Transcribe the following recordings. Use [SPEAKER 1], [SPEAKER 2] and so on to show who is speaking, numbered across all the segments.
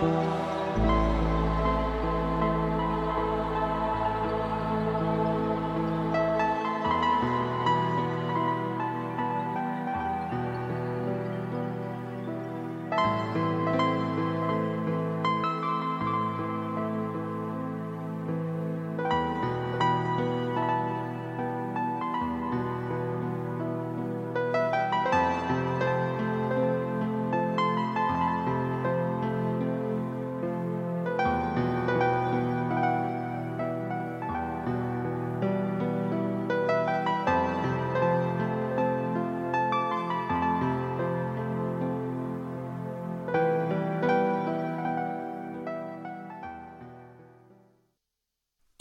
[SPEAKER 1] Thank you.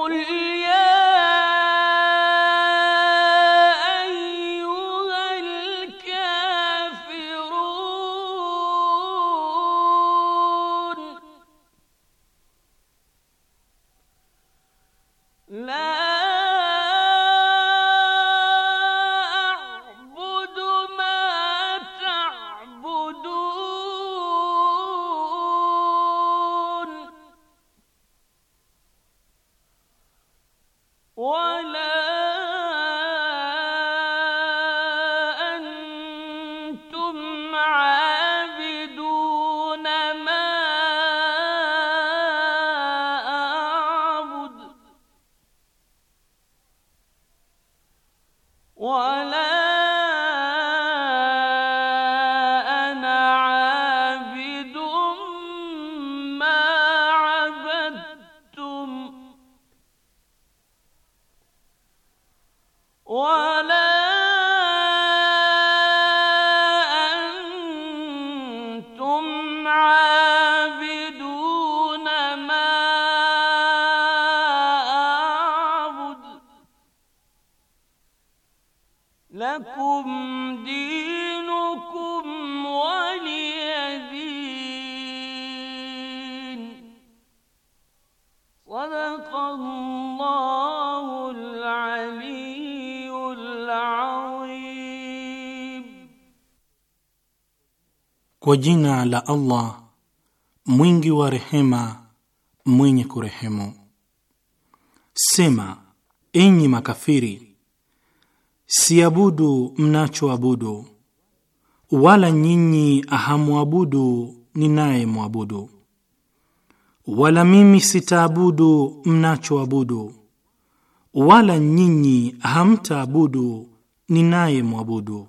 [SPEAKER 2] قل كنتم عالمين
[SPEAKER 3] Kwa jina la Allah mwingi wa rehema, mwenye kurehemu. Sema, enyi makafiri, siabudu mnachoabudu, wala nyinyi hamwabudu mwabudu wala mimi sitaabudu mnachoabudu, wala nyinyi hamtaabudu ninayemwabudu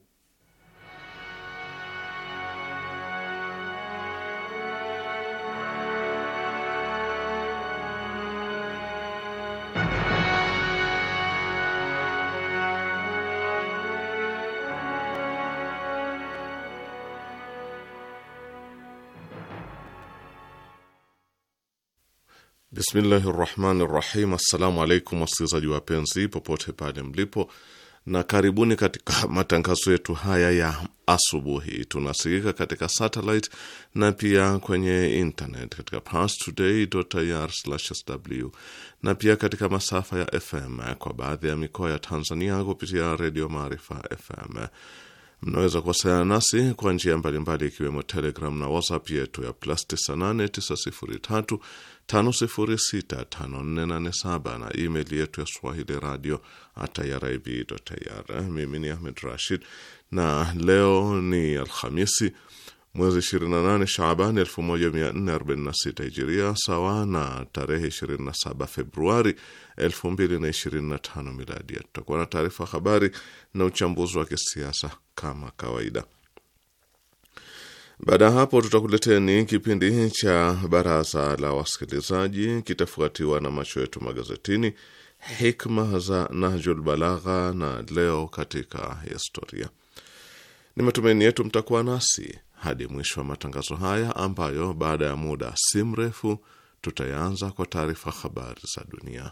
[SPEAKER 4] Bismillahi rahmani rahim. Assalamu alaikum wasikilizaji wapenzi popote pale mlipo, na karibuni katika matangazo yetu haya ya asubuhi. Tunasikika katika satellite na pia kwenye internet katika parstoday.ir/sw na pia katika masafa ya FM kwa baadhi ya mikoa ya Tanzania kupitia Redio Maarifa FM. Mnaweza kuwasiliana nasi kwa njia mbalimbali ikiwemo Telegram na WhatsApp yetu ya plus 989035065487 na email yetu ya swahili radio irib.ir. Mimi ni Ahmed Rashid na leo ni Alhamisi mwezi 28 Shaaban 1446 Hijiria, sawa na tarehe 27 Februari 2025 Miladi. Tutakuwa na taarifa habari na uchambuzi wa kisiasa kama kawaida. Baada ya hapo, tutakuleteni kipindi cha baraza la wasikilizaji, kitafuatiwa na macho yetu magazetini, hikma za Nahjul Balagha na leo katika historia. Ni matumaini yetu mtakuwa nasi hadi mwisho wa matangazo haya ambayo baada ya muda si mrefu tutayanza kwa taarifa habari za dunia.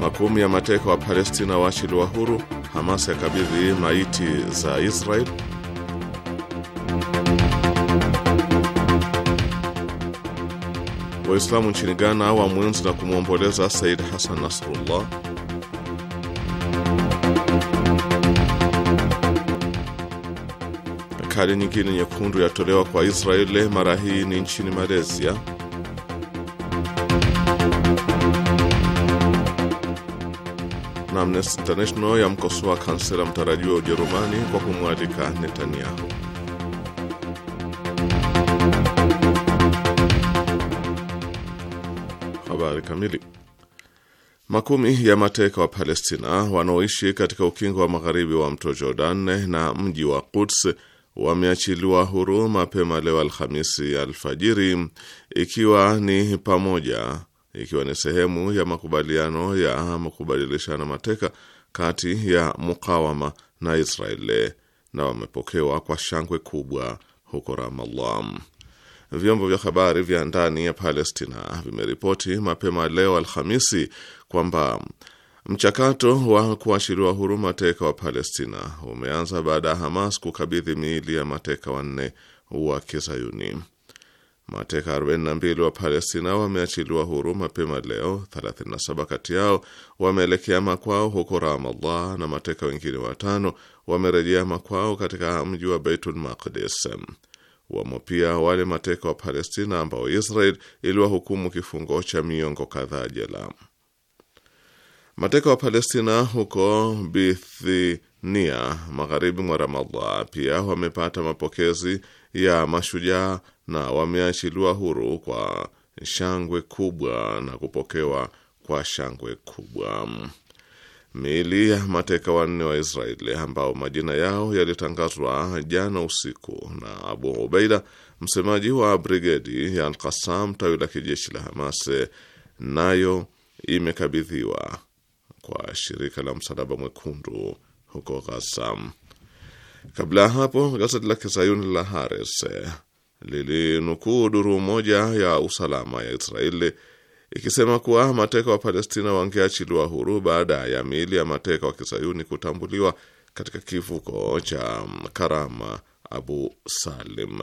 [SPEAKER 4] Makumi ya mateka wa Palestina waachiliwa huru. Hamas yakabidhi maiti za Israel. Waislamu nchini Ghana wamwenzi na kumwomboleza Said Hassan Nasrullah. Kadi nyingine nyekundu yatolewa kwa Israeli, mara hii ni nchini Malaysia. na Amnesty International yamkosoa kansela mtarajiwa wa Ujerumani kwa kumwalika Netanyahu. Habari kamili. Makumi ya mateka wa Palestina wanaoishi katika ukingo wa magharibi wa mto Jordan na mji wa Quds wameachiliwa huru mapema leo Alhamisi alfajiri, ikiwa ni pamoja ikiwa ni sehemu ya makubaliano ya kubadilishana mateka kati ya mukawama na Israeli na wamepokewa kwa shangwe kubwa huko Ramallah. Vyombo vya habari vya ndani ya Palestina vimeripoti mapema leo Alhamisi kwamba mchakato wa kuachiliwa huru mateka wa Palestina umeanza baada ya Hamas kukabidhi miili ya mateka wanne wa Kizayuni. Mateka 42 wa Palestina wameachiliwa huru mapema leo, 37 kati yao wameelekea makwao huko Ramallah na mateka wengine watano wamerejea makwao katika mji wa Beitul Maqdis. Wamo pia wale mateka wa Palestina ambao Israel iliwahukumu kifungo cha miongo kadhaa jela. Mateka wa Palestina huko Bithinia, magharibi mwa Ramallah, pia wamepata mapokezi ya mashujaa na wameachiliwa huru kwa shangwe kubwa na kupokewa kwa shangwe kubwa. Miili ya mateka wanne wa Israeli ambao majina yao yalitangazwa jana usiku na Abu Ubeida, msemaji wa brigedi ya Al-Qassam, tawi la kijeshi la Hamas, nayo imekabidhiwa kwa shirika la Msalaba Mwekundu huko ghaza Kabla ya hapo, gazeti la kizayuni la Hares lilinukuu duru moja ya usalama ya Israeli ikisema kuwa mateka wa Palestina wangeachiliwa huru baada ya miili ya mateka wa kisayuni kutambuliwa katika kivuko cha Karama Abu Salim.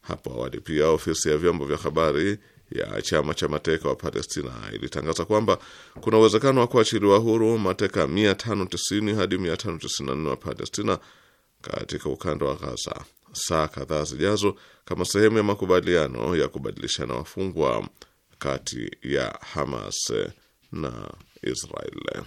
[SPEAKER 4] Hapo awali pia ofisi ya vyombo vya habari ya chama cha mateka wa Palestina ilitangaza kwamba kuna uwezekano wa kuachiliwa huru mateka 590 hadi 594 wa Palestina katika ukanda wa Gaza saa kadhaa zijazo kama sehemu ya makubaliano ya kubadilishana wafungwa kati ya Hamas na Israel.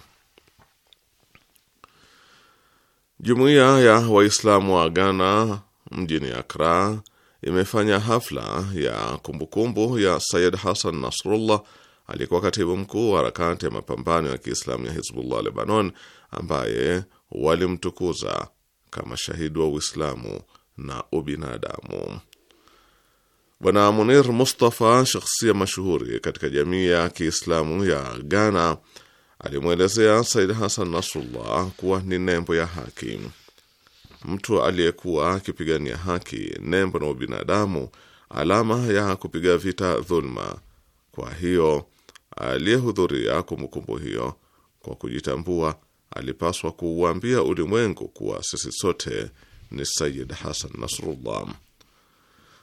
[SPEAKER 4] Jumuiya ya Waislamu wa Ghana mjini Akra imefanya hafla ya kumbukumbu kumbu ya Sayid Hassan Nasrullah aliyekuwa katibu mkuu wa harakati ya mapambano ya Kiislamu ya Hizbullah Lebanon, ambaye walimtukuza kama shahidi wa Uislamu na ubinadamu. Bwana Munir Mustafa, shakhsia mashuhuri katika jamii ya Kiislamu ya Ghana, alimwelezea Said Hasan Nasrullah kuwa ni nembo ya haki. Mtu aliyekuwa akipigania haki, nembo na ubinadamu, alama ya kupiga vita dhulma. Kwa hiyo aliyehudhuria kumbukumbu hiyo kwa kujitambua, alipaswa kuuambia ulimwengu kuwa sisi sote ni Sayid Hasan Nasrullah.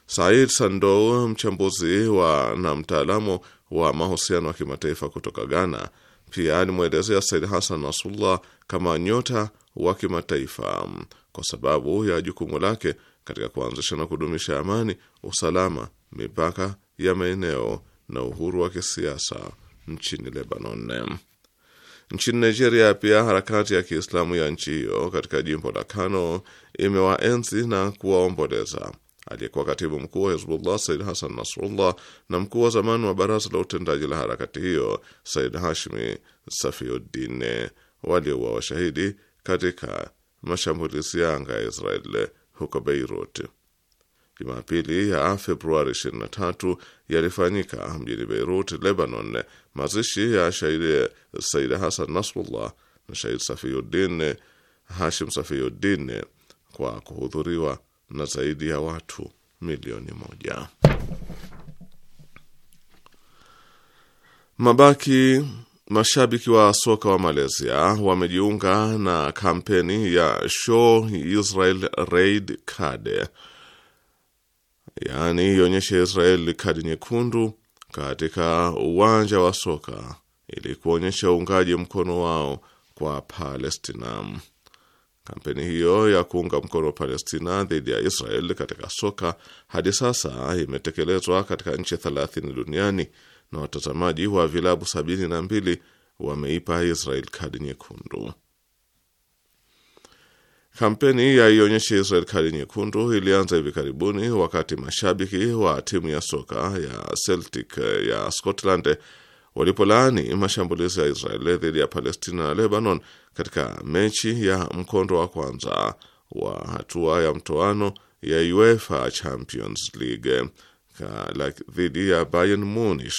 [SPEAKER 4] Said Sando, mchambuzi wa na mtaalamu wa mahusiano ya kimataifa kutoka Ghana, pia alimwelezea Said Hasan Nasrullah kama nyota wa kimataifa kwa sababu ya jukumu lake katika kuanzisha na kudumisha amani, usalama, mipaka ya maeneo na uhuru wa kisiasa nchini Lebanon. Nchini Nigeria pia harakati ya Kiislamu ya nchi hiyo katika jimbo la Kano imewaenzi na kuwaomboleza aliyekuwa katibu mkuu wa Hizbullah Said Hassan Nasrullah na mkuu wa zamani wa baraza la utendaji la harakati hiyo Said Hashmi Safiuddin waliouawa washahidi katika mashambulizi ya anga ya Israel huko Beirut. Jumapili ya Februari 23 yalifanyika mjini Beirut, Lebanon, Mazishi ya shairi Said Hasan Nasrullah na shairi Safiuddin Hashim Safiuddin kwa kuhudhuriwa na zaidi ya watu milioni moja. Mabaki mashabiki wa soka wa Malaysia wamejiunga na kampeni ya Show Israel Red Card, yaani ionyeshe Israel kadi nyekundu katika uwanja wa soka ili kuonyesha uungaji mkono wao kwa Palestina. Kampeni hiyo ya kuunga mkono Palestina dhidi ya Israel katika soka hadi sasa imetekelezwa katika nchi thelathini duniani na watazamaji wa vilabu mbili wameipa Israel kadi nyekundu. Kampeni ya ionyeshe Israel kadi nyekundu ilianza hivi karibuni wakati mashabiki wa timu ya soka ya Celtic ya Scotland walipolaani mashambulizi ya Israel dhidi ya Palestina na Lebanon katika mechi ya mkondo wa kwanza wa hatua ya mtoano ya UEFA Champions League dhidi ya Bayern Munich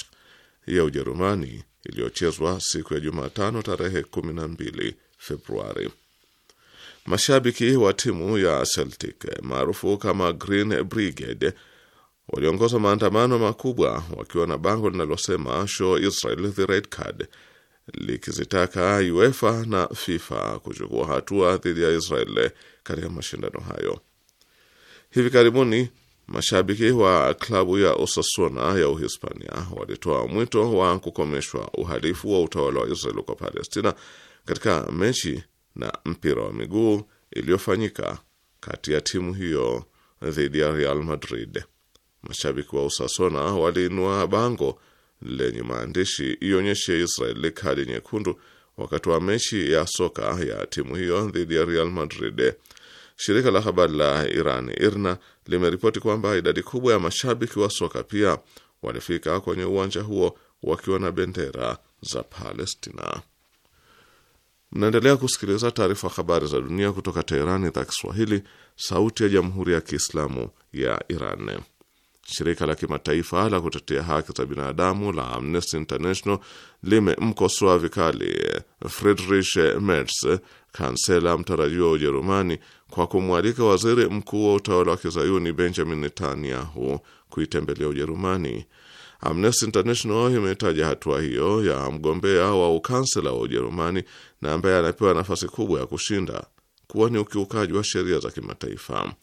[SPEAKER 4] ya Ujerumani iliyochezwa siku ya Jumatano tarehe 12 Februari. Mashabiki wa timu ya Celtic maarufu kama Green Brigade waliongoza maandamano makubwa wakiwa na bango linalosema show Israel the red card, likizitaka UEFA na FIFA kuchukua hatua dhidi ya Israel katika mashindano hayo. Hivi karibuni mashabiki wa klabu ya Osasuna ya Uhispania walitoa mwito wa kukomeshwa uhalifu wa utawala wa Israel kwa Palestina katika mechi na mpira wa miguu iliyofanyika kati ya timu hiyo dhidi ya Real Madrid. Mashabiki wa Usasona waliinua bango lenye maandishi ionyeshe Israeli kadi nyekundu wakati wa mechi ya soka ya timu hiyo dhidi ya Real Madrid. Shirika la habari la Iran IRNA limeripoti kwamba idadi kubwa ya mashabiki wa soka pia walifika kwenye uwanja huo wakiwa na bendera za Palestina. Mnaendelea kusikiliza taarifa habari za dunia kutoka Teherani, idhaa Kiswahili, sauti ya jamhuri ya kiislamu ya Iran. Shirika la kimataifa la kutetea haki za binadamu la Amnesty International limemkosoa vikali Friedrich Merz, kansela mtarajiwa wa Ujerumani, kwa kumwalika waziri mkuu wa utawala wa kizayuni Benjamin Netanyahu kuitembelea Ujerumani. Amnesty International imetaja hatua hiyo ya mgombea wa ukansela wa Ujerumani na ambaye anapewa nafasi kubwa ya kushinda kuwa ni ukiukaji wa sheria za kimataifa,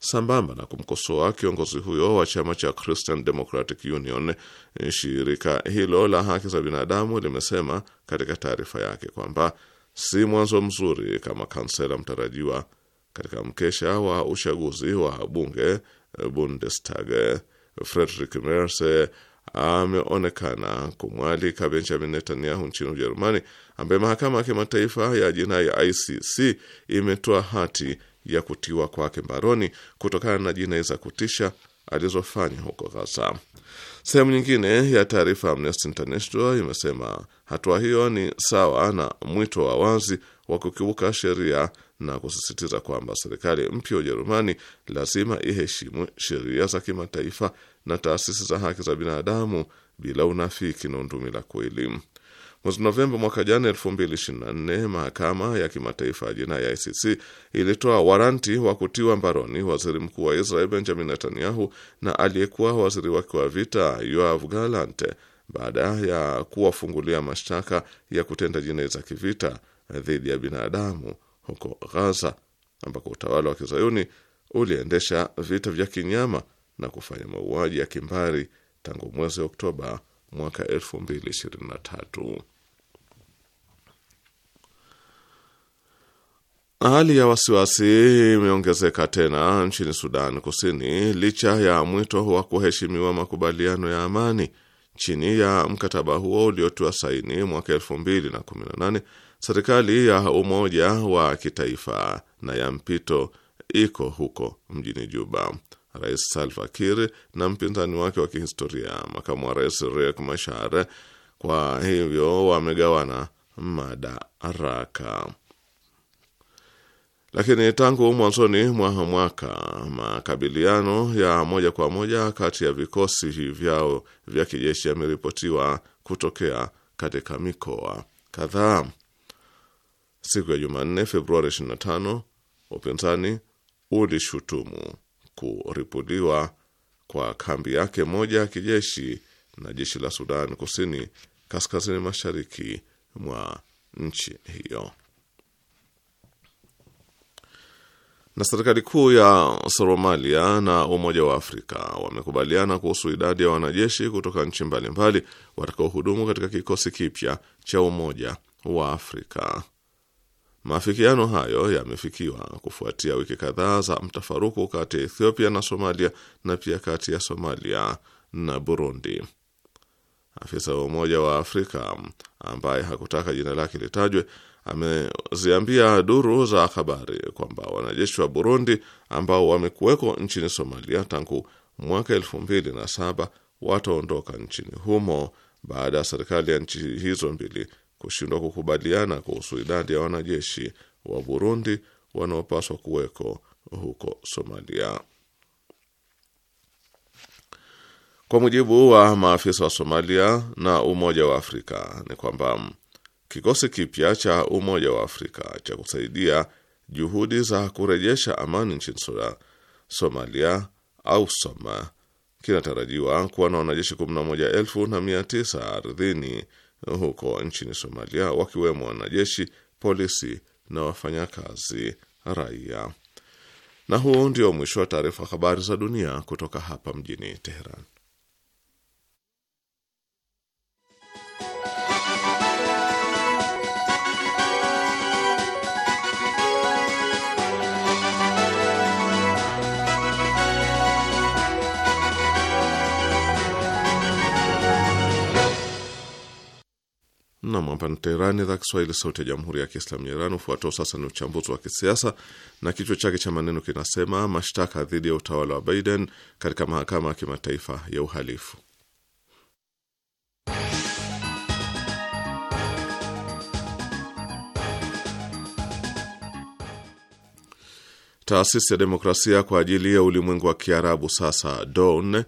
[SPEAKER 4] sambamba na kumkosoa kiongozi huyo wa chama cha Christian Democratic Union. Shirika hilo la haki za binadamu limesema katika taarifa yake kwamba si mwanzo mzuri kama kansela mtarajiwa katika mkesha wa uchaguzi wa bunge Bundestag Frederick Merz ameonekana kumwalika Benjamin Netanyahu nchini Ujerumani, ambaye mahakama ya kimataifa ya jinai ICC imetoa hati ya kutiwa kwake mbaroni kutokana na jinai za kutisha alizofanya huko Gaza. Sehemu nyingine ya taarifa ya Amnesty International imesema hatua hiyo ni sawa na mwito wa wazi wa kukiuka sheria na kusisitiza kwamba serikali mpya ya Ujerumani lazima iheshimu sheria za kimataifa na taasisi za haki za binadamu bila unafiki na undumila la kweli. Mwezi Novemba mwaka jana 2024, mahakama ya kimataifa ya jinai ya ICC ilitoa waranti wa kutiwa mbaroni waziri mkuu wa Israel Benjamin Netanyahu na aliyekuwa waziri wake wa vita Yoav Gallant baada ya kuwafungulia mashtaka ya kutenda jinai za kivita dhidi ya binadamu huko Ghaza ambako utawala wa kizayuni uliendesha vita vya kinyama na kufanya mauaji ya kimbari tangu mwezi Oktoba mwaka 2023. Hali ya wasiwasi imeongezeka tena nchini Sudan Kusini licha ya mwito wa kuheshimiwa makubaliano ya amani. Chini ya mkataba huo uliotiwa saini mwaka 2018 Serikali ya umoja wa kitaifa na ya mpito iko huko mjini Juba. Rais Salva Kiir na mpinzani wake wa kihistoria makamu wa rais Riek Machar, kwa hivyo wamegawana madaraka. Lakini tangu mwanzoni mwa mwaka makabiliano ya moja kwa moja kati ya vikosi vyao vya kijeshi yameripotiwa kutokea katika mikoa kadhaa siku ya Jumanne, Februari 25, upinzani ulishutumu kuripuliwa kwa kambi yake moja ya kijeshi na jeshi la Sudan Kusini kaskazini mashariki mwa nchi hiyo. Na serikali kuu ya Somalia na Umoja wa Afrika wamekubaliana kuhusu idadi ya wanajeshi kutoka nchi mbalimbali watakaohudumu katika kikosi kipya cha Umoja wa Afrika. Maafikiano hayo yamefikiwa kufuatia wiki kadhaa za mtafaruku kati ya Ethiopia na Somalia na pia kati ya Somalia na Burundi. Afisa wa Umoja wa Afrika ambaye hakutaka jina lake litajwe ameziambia duru za habari kwamba wanajeshi wa Burundi ambao wamekuweko nchini Somalia tangu mwaka elfu mbili na saba wataondoka nchini humo baada ya serikali ya nchi hizo mbili kushindwa kukubaliana kuhusu idadi ya wanajeshi wa Burundi wanaopaswa kuweko huko Somalia. Kwa mujibu wa maafisa wa Somalia na Umoja wa Afrika ni kwamba kikosi kipya cha Umoja wa Afrika cha kusaidia juhudi za kurejesha amani nchini Somalia au Soma kinatarajiwa kuwa na wanajeshi 11,900 ardhini huko nchini Somalia, wakiwemo wanajeshi, polisi na wafanyakazi raia. Na huo ndio mwisho wa taarifa habari za dunia kutoka hapa mjini Teheran. Nam, hapa ni Teherani, idhaa Kiswahili, sauti ya jamhuri ya kiislamu ya Iran. Ufuatao sasa ni uchambuzi wa kisiasa na kichwa chake cha maneno kinasema mashtaka dhidi ya utawala wa Biden katika mahakama ya kimataifa ya uhalifu. Taasisi ya demokrasia kwa ajili ya ulimwengu wa Kiarabu sasa DON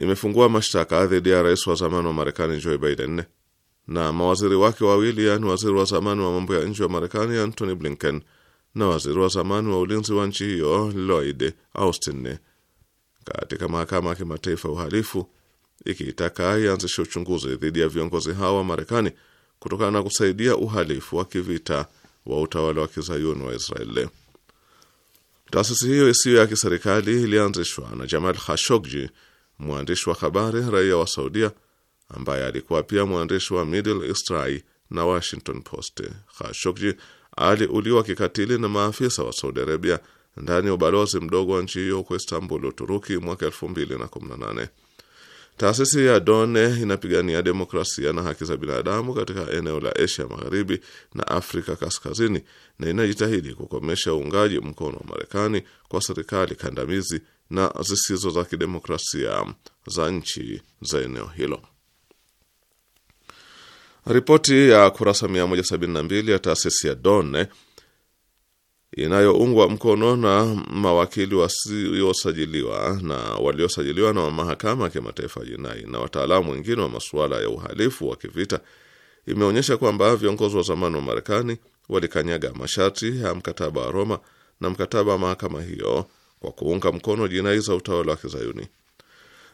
[SPEAKER 4] imefungua mashtaka dhidi ya rais wa zamani wa Marekani Joe Biden na mawaziri wake wawili, yaani waziri wa zamani wa mambo ya nje wa Marekani Antony Blinken na waziri wa zamani wa ulinzi wa nchi hiyo Lloyd Austin katika mahakama ya kimataifa ya uhalifu ikiitaka ianzishe uchunguzi dhidi ya viongozi hao wa Marekani kutokana na kusaidia uhalifu wa kivita wa utawala wa kizayuni wa Israeli. Taasisi hiyo isiyo ya kiserikali ilianzishwa na Jamal Khashoggi, mwandishi wa habari raia wa Saudia ambaye alikuwa pia mwandishi wa Middle East Eye na Washington Post. Khashoggi aliuliwa kikatili na maafisa wa Saudi Arabia ndani ya ubalozi mdogo wa nchi hiyo huko Istanbul, Uturuki, mwaka 2018. Taasisi ya Done inapigania demokrasia na haki za binadamu katika eneo la Asia Magharibi na Afrika Kaskazini na inajitahidi kukomesha uungaji mkono wa Marekani kwa serikali kandamizi na zisizo za kidemokrasia za nchi za eneo hilo. Ripoti ya kurasa 172 ya taasisi ya Donne inayoungwa mkono na mawakili wasiosajiliwa na waliosajiliwa na mahakama ya kimataifa ya jinai na wataalamu wengine wa masuala ya uhalifu wa kivita imeonyesha kwamba viongozi wa zamani wa Marekani walikanyaga masharti ya mkataba wa Roma na mkataba wa mahakama hiyo kwa kuunga mkono jinai za utawala wa Kizayuni.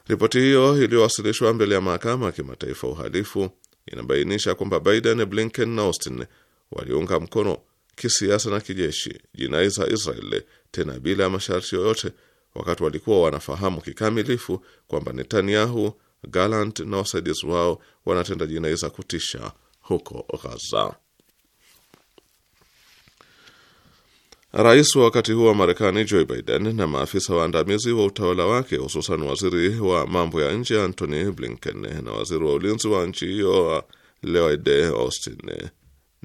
[SPEAKER 4] Ripoti hiyo iliyowasilishwa mbele ya mahakama ya kimataifa uhalifu inabainisha kwamba Biden, Blinken na Austin waliunga mkono kisiasa na kijeshi jinai za Israel, tena bila ya masharti yoyote, wakati walikuwa wanafahamu kikamilifu kwamba Netanyahu, Gallant na wasaidizi wao wanatenda jinai za kutisha huko Gaza. Rais wa wakati huo wa Marekani Joe Biden na maafisa waandamizi wa utawala wake hususan waziri wa mambo ya nje Antony Blinken na waziri wa ulinzi wa nchi hiyo Lloyd Austin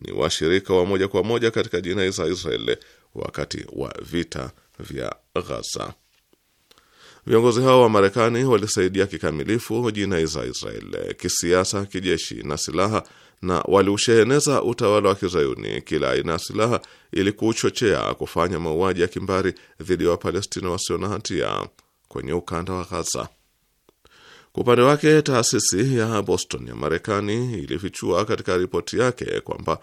[SPEAKER 4] ni washirika wa moja kwa moja katika jinai za Israeli wakati wa vita vya Ghaza. Viongozi hao wa Marekani walisaidia kikamilifu jinai za Israel kisiasa, kijeshi na silaha, na waliusheheneza utawala wa kizayuni kila aina ya silaha ili kuuchochea kufanya mauaji ya kimbari dhidi ya Wapalestina wasio na hatia kwenye ukanda wa Ghaza. Kwa upande wake, taasisi ya Boston ya Marekani ilifichua katika ripoti yake kwamba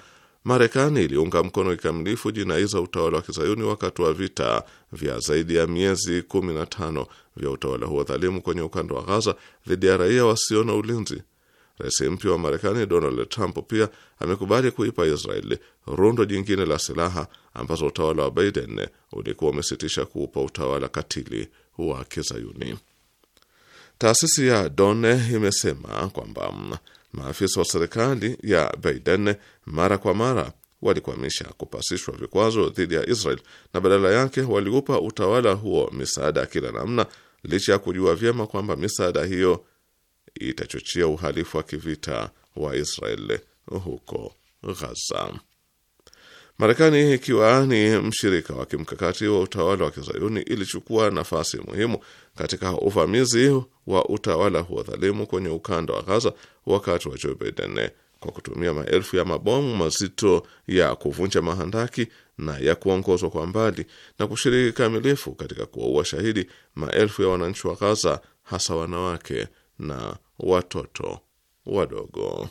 [SPEAKER 4] Marekani iliunga mkono kikamilifu jinai za utawala wa kizayuni wakati wa vita vya zaidi ya miezi 15 vya utawala huo dhalimu kwenye ukanda wa Ghaza dhidi ya raia wasio na ulinzi. Rais mpya wa Marekani Donald Trump pia amekubali kuipa Israeli rundo jingine la silaha ambazo utawala wa Biden ulikuwa umesitisha kuupa utawala katili wa kizayuni. Taasisi ya Done imesema kwamba Maafisa wa serikali ya Biden mara kwa mara walikwamisha kupasishwa vikwazo dhidi ya Israel na badala yake waliupa utawala huo misaada ya kila namna, licha ya kujua vyema kwamba misaada hiyo itachochea uhalifu wa kivita wa Israel huko Ghaza. Marekani ikiwa ni mshirika wa kimkakati wa utawala wa Kizayuni ilichukua nafasi muhimu katika uvamizi wa utawala huo dhalimu kwenye ukanda wa Gaza wakati wa Joe Biden eh, kwa kutumia maelfu ya mabomu mazito ya kuvunja mahandaki na ya kuongozwa kwa mbali na kushiriki kamilifu katika kuwaua shahidi maelfu ya wananchi wa Gaza, hasa wanawake na watoto wadogo.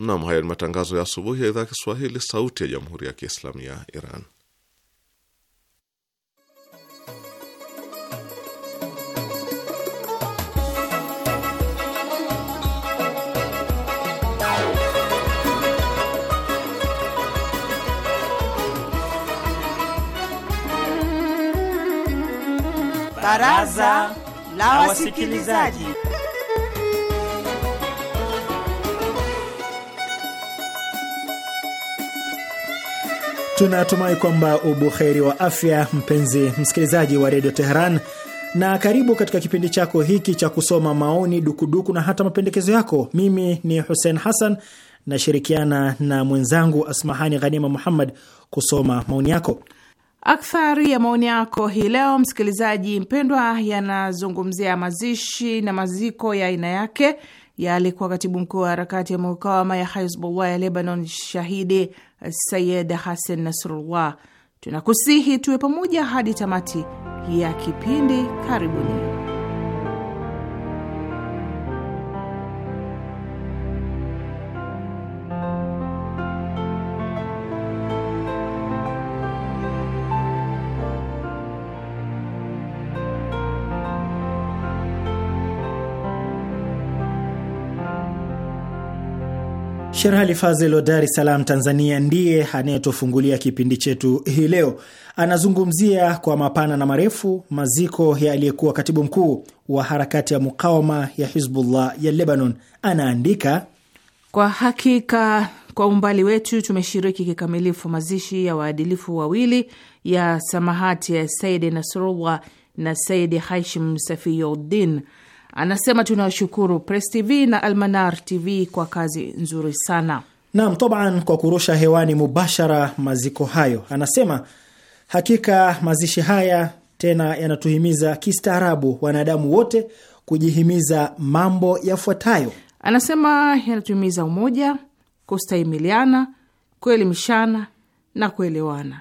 [SPEAKER 4] Nam, hayo ni matangazo ya asubuhi ya idhaa Kiswahili, Sauti ya Jamhuri ya Kiislamu ya Iran.
[SPEAKER 5] Baraza la Wasikilizaji.
[SPEAKER 3] Tunatumai kwamba ubuheri wa afya, mpenzi msikilizaji wa redio Teheran, na karibu katika kipindi chako hiki cha kusoma maoni, dukuduku na hata mapendekezo yako. Mimi ni Hussein Hassan, nashirikiana na mwenzangu Asmahani Ghanima Muhammad kusoma maoni yako.
[SPEAKER 5] Akthari ya maoni yako hii leo, msikilizaji mpendwa, yanazungumzia mazishi na maziko ya aina yake ya alikuwa katibu mkuu wa harakati ya mukawama ya Hizbullah ya Lebanon, shahidi Sayid hassan Nasrullah. Tunakusihi tuwe pamoja hadi tamati ya kipindi. Karibuni.
[SPEAKER 3] Sherhali Fazel wa Dar es Salaam, Tanzania, ndiye anayetufungulia kipindi chetu hii leo. Anazungumzia kwa mapana na marefu maziko ya aliyekuwa katibu mkuu wa harakati ya mukawama ya Hizbullah ya Lebanon. Anaandika,
[SPEAKER 5] kwa hakika kwa umbali wetu tumeshiriki kikamilifu mazishi ya waadilifu wawili ya samahati ya Saidi Nasrullah na Saidi Haishim Safiyuddin. Anasema tunawashukuru Press TV na Almanar TV kwa kazi nzuri sana.
[SPEAKER 3] Naam, taban kwa kurusha hewani mubashara maziko hayo. Anasema hakika mazishi haya tena yanatuhimiza kistaarabu wanadamu wote kujihimiza mambo yafuatayo.
[SPEAKER 5] Anasema yanatuhimiza umoja, kustahimiliana, kuelimishana na kuelewana,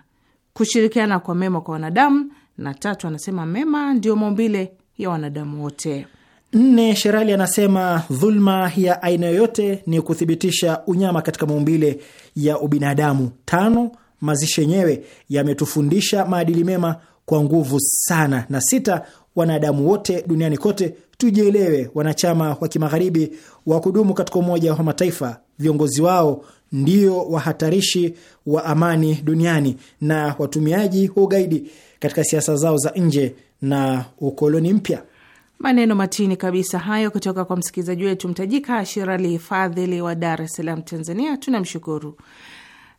[SPEAKER 5] kushirikiana kwa mema kwa wanadamu, na tatu, anasema mema ndiyo maumbile ya wanadamu wote.
[SPEAKER 3] Nne, Sherali anasema dhulma ya aina yoyote ni kuthibitisha unyama katika maumbile ya ubinadamu. Tano, mazishi yenyewe yametufundisha maadili mema kwa nguvu sana. Na sita, wanadamu wote duniani kote tujielewe, wanachama wa kimagharibi wa kudumu katika Umoja wa Mataifa, viongozi wao ndio wahatarishi wa amani duniani na watumiaji wa ugaidi katika siasa zao za nje na ukoloni mpya.
[SPEAKER 5] Maneno matini kabisa hayo kutoka kwa msikilizaji wetu mtajika Shirali Fadhili wa Dar es Salaam, Tanzania. Tunamshukuru.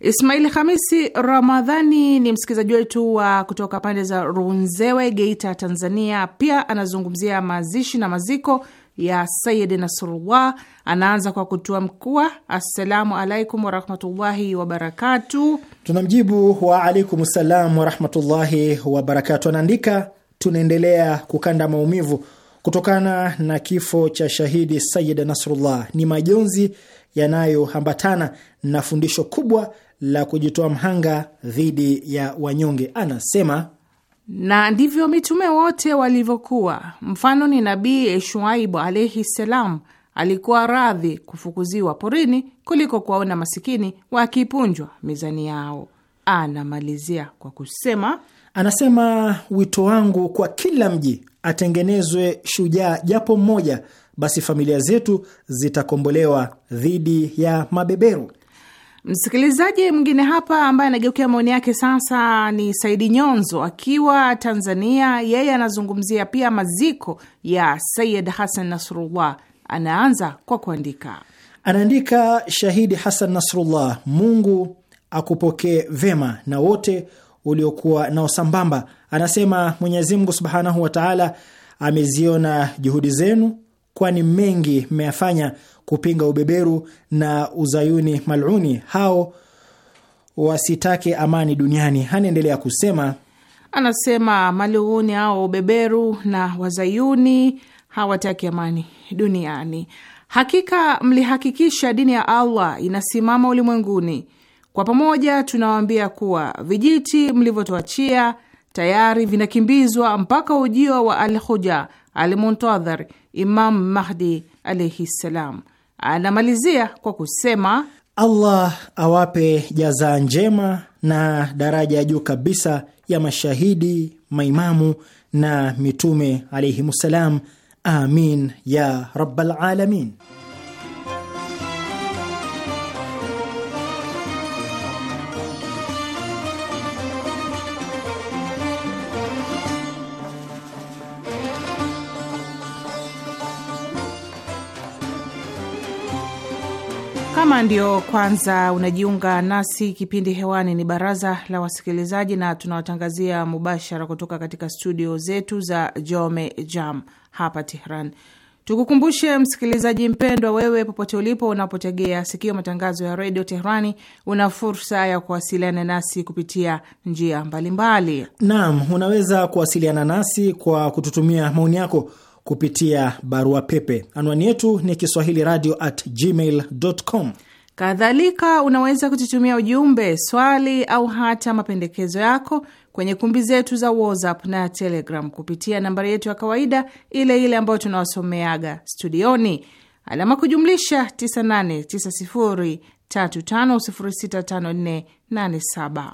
[SPEAKER 5] Ismail Hamisi Ramadhani ni msikilizaji wetu wa kutoka pande za Runzewe, Geita, Tanzania. Pia anazungumzia mazishi na maziko ya Sayid Nasrullah. Anaanza kwa kutua mkua, assalamu alaikum warahmatullahi wabarakatu.
[SPEAKER 3] Tunamjibu wa alaikum salam warahmatullahi wabarakatu. Anaandika, tunaendelea kukanda maumivu kutokana na kifo cha shahidi sayid Nasrullah ni majonzi yanayoambatana na fundisho kubwa la kujitoa mhanga dhidi ya wanyonge. Anasema,
[SPEAKER 5] na ndivyo mitume wote walivyokuwa. Mfano ni Nabii Shuaibu alaihi ssalam, alikuwa radhi kufukuziwa porini kuliko kuwaona masikini wakipunjwa mizani yao. Anamalizia kwa kusema
[SPEAKER 3] Anasema, wito wangu kwa kila mji atengenezwe shujaa japo mmoja, basi familia zetu zitakombolewa dhidi ya mabeberu.
[SPEAKER 5] Msikilizaji mwingine hapa ambaye anageukia maoni yake sasa ni Saidi Nyonzo akiwa Tanzania. Yeye anazungumzia pia maziko ya Sayid Hasan Nasrullah. Anaanza kwa kuandika,
[SPEAKER 3] anaandika: Shahidi Hasan Nasrullah, Mungu akupokee vema na wote uliokuwa nao sambamba. Anasema Mwenyezi Mungu subhanahu wa taala ameziona juhudi zenu, kwani mengi mmeyafanya kupinga ubeberu na uzayuni maluni, hao wasitake amani duniani. Anaendelea kusema,
[SPEAKER 5] anasema maluni hao ubeberu na wazayuni hawataki amani duniani. Hakika mlihakikisha dini ya Allah inasimama ulimwenguni kwa pamoja tunawaambia kuwa vijiti mlivyotuachia tayari vinakimbizwa mpaka ujio wa al Huja al Muntadhar, Imam Mahdi alaihi ssalam. Anamalizia kwa kusema
[SPEAKER 3] Allah awape jazaa njema na daraja ya juu kabisa ya mashahidi, maimamu na mitume alaihimussalam. Amin ya rabbal
[SPEAKER 5] ndio kwanza unajiunga nasi, kipindi hewani ni Baraza la Wasikilizaji, na tunawatangazia mubashara kutoka katika studio zetu za Jome Jam hapa Tehran. Tukukumbushe msikilizaji mpendwa, wewe popote ulipo, unapotegea sikio matangazo ya redio Teherani, una fursa ya kuwasiliana nasi kupitia njia mbalimbali.
[SPEAKER 3] Naam, unaweza kuwasiliana nasi kwa kututumia maoni yako kupitia barua pepe. Anwani yetu ni kiswahili radio at gmail com
[SPEAKER 5] Kadhalika unaweza kututumia ujumbe, swali au hata mapendekezo yako kwenye kumbi zetu za WhatsApp na Telegram kupitia nambari yetu ya kawaida ile ile ambayo tunawasomeaga studioni, alama kujumlisha 989035065487.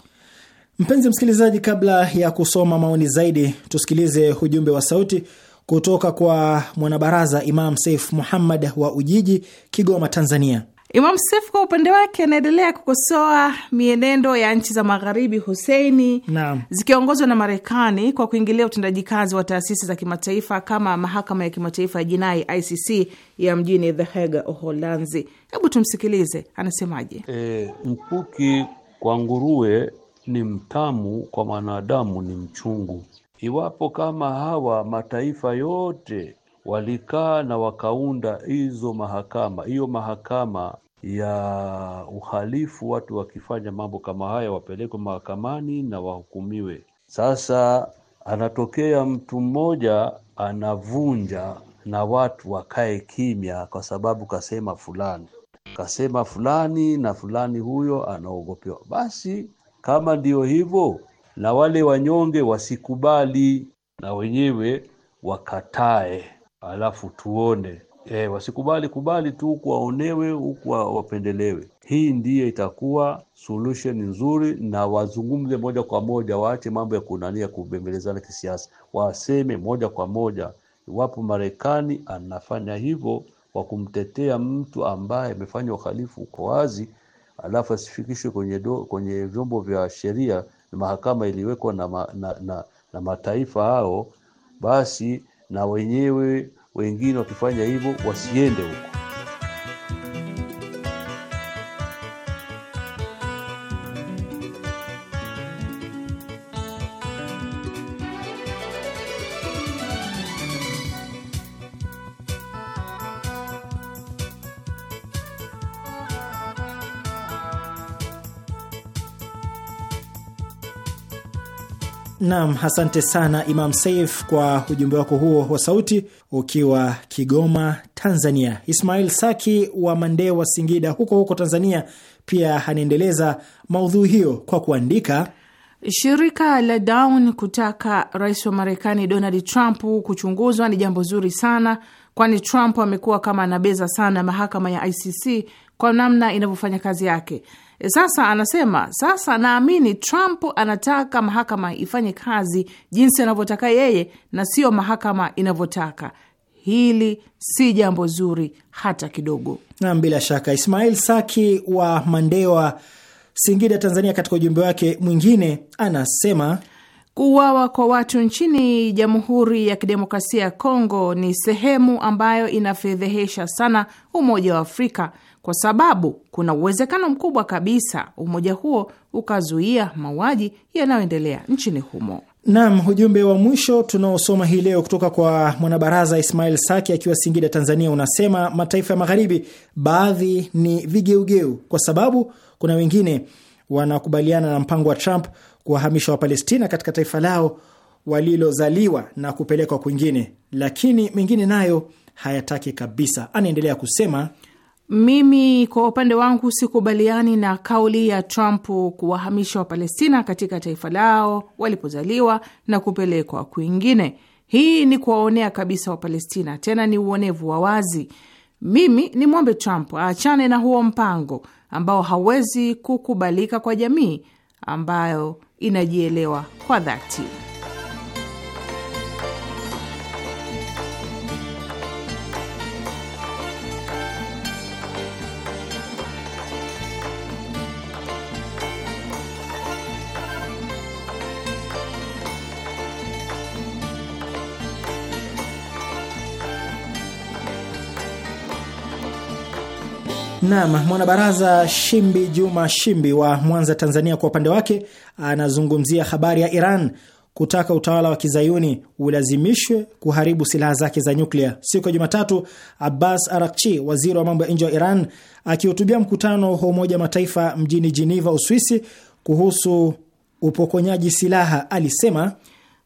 [SPEAKER 3] Mpenzi msikilizaji, kabla ya kusoma maoni zaidi, tusikilize ujumbe wa sauti kutoka kwa mwanabaraza Imam Saif Muhammad wa Ujiji, Kigoma, Tanzania.
[SPEAKER 5] Imam Sef kwa upande wake anaendelea kukosoa mienendo ya nchi za magharibi Huseini zikiongozwa na Marekani kwa kuingilia utendaji kazi wa taasisi za kimataifa kama mahakama ya kimataifa ya jinai ICC ya mjini The Hague, Uholanzi. Hebu tumsikilize
[SPEAKER 1] anasemaje. E, mkuki kwa nguruwe ni mtamu, kwa mwanadamu ni mchungu. Iwapo kama hawa mataifa yote walikaa na wakaunda hizo mahakama, hiyo mahakama ya uhalifu. Watu wakifanya mambo kama haya wapelekwe mahakamani na wahukumiwe. Sasa anatokea mtu mmoja anavunja na watu wakae kimya, kwa sababu kasema fulani kasema fulani na fulani, huyo anaogopewa. Basi kama ndiyo hivyo, na wale wanyonge wasikubali, na wenyewe wakatae alafu tuone e, wasikubali kubali tu huku waonewe huku wapendelewe. Hii ndiyo itakuwa solution nzuri, na wazungumze moja kwa moja, waache mambo ya kunania kubembelezana kisiasa, waseme moja kwa moja. Iwapo Marekani anafanya hivyo kwa kumtetea mtu ambaye amefanya uhalifu uko wazi, alafu asifikishwe kwenye, do, kwenye vyombo vya sheria na mahakama iliwekwa na, ma, na, na, na mataifa hao basi na wenyewe wengine wakifanya hivyo wasiende huko.
[SPEAKER 3] Naam, asante sana Imam Saif kwa ujumbe wako huo wa sauti ukiwa Kigoma, Tanzania. Ismail Saki wa Mandee wa Singida huko huko Tanzania pia anaendeleza maudhui hiyo kwa kuandika
[SPEAKER 5] Shirika la Dawn kutaka rais wa Marekani Donald Trump kuchunguzwa ni jambo zuri sana, kwani Trump amekuwa kama anabeza sana mahakama ya ICC kwa namna inavyofanya kazi yake. E, sasa anasema sasa, naamini Trump anataka mahakama ifanye kazi jinsi anavyotaka yeye na siyo mahakama inavyotaka. Hili si jambo zuri hata kidogo. Naam, bila shaka. Ismail Saki
[SPEAKER 3] wa Mandewa, Singida, Tanzania, katika ujumbe wake mwingine anasema
[SPEAKER 5] kuuawa kwa watu nchini Jamhuri ya Kidemokrasia ya Kongo ni sehemu ambayo inafedhehesha sana Umoja wa Afrika kwa sababu kuna uwezekano mkubwa kabisa umoja huo ukazuia mauaji yanayoendelea nchini humo.
[SPEAKER 3] Nam, ujumbe wa mwisho tunaosoma hii leo kutoka kwa mwanabaraza Ismail Saki akiwa Singida, Tanzania, unasema mataifa ya Magharibi baadhi ni vigeugeu, kwa sababu kuna wengine wanakubaliana na mpango wa Trump kuwahamisha Wapalestina katika taifa lao walilozaliwa na kupelekwa kwingine, lakini mengine nayo hayataki kabisa. Anaendelea kusema
[SPEAKER 5] mimi kwa upande wangu sikubaliani na kauli ya Trump kuwahamisha Wapalestina katika taifa lao walipozaliwa na kupelekwa kwingine. Hii ni kuwaonea kabisa Wapalestina, tena ni uonevu wa wazi. Mimi ni mwombe Trump aachane na huo mpango ambao hawezi kukubalika kwa jamii ambayo inajielewa kwa dhati.
[SPEAKER 3] Naam, mwanabaraza Shimbi Juma Shimbi wa Mwanza, Tanzania, kwa upande wake anazungumzia habari ya Iran kutaka utawala wa kizayuni ulazimishwe kuharibu silaha zake za nyuklia. Siku ya Jumatatu, Abbas Arakchi, waziri wa mambo ya nje wa Iran, akihutubia mkutano wa Umoja Mataifa mjini Jeneva, Uswisi, kuhusu
[SPEAKER 5] upokonyaji silaha, alisema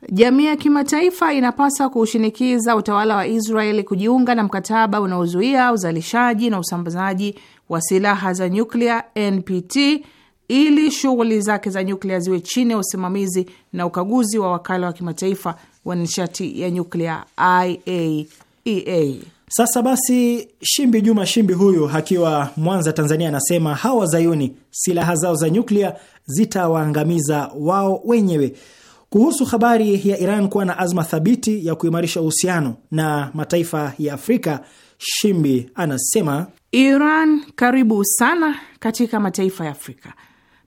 [SPEAKER 5] Jamii ya kimataifa inapaswa kuushinikiza utawala wa Israeli kujiunga na mkataba unaozuia uzalishaji na usambazaji wa silaha za nyuklia NPT ili shughuli zake za nyuklia ziwe chini ya usimamizi na ukaguzi wa wakala wa kimataifa wa nishati ya nyuklia IAEA. E
[SPEAKER 3] Sasa basi, Shimbi Juma Shimbi huyu akiwa Mwanza, Tanzania, anasema hawa Zayuni silaha zao za nyuklia zitawaangamiza wao wenyewe. Kuhusu habari ya Iran kuwa na azma thabiti ya kuimarisha uhusiano na mataifa ya Afrika, Shimbi anasema Iran
[SPEAKER 5] karibu sana katika mataifa ya Afrika.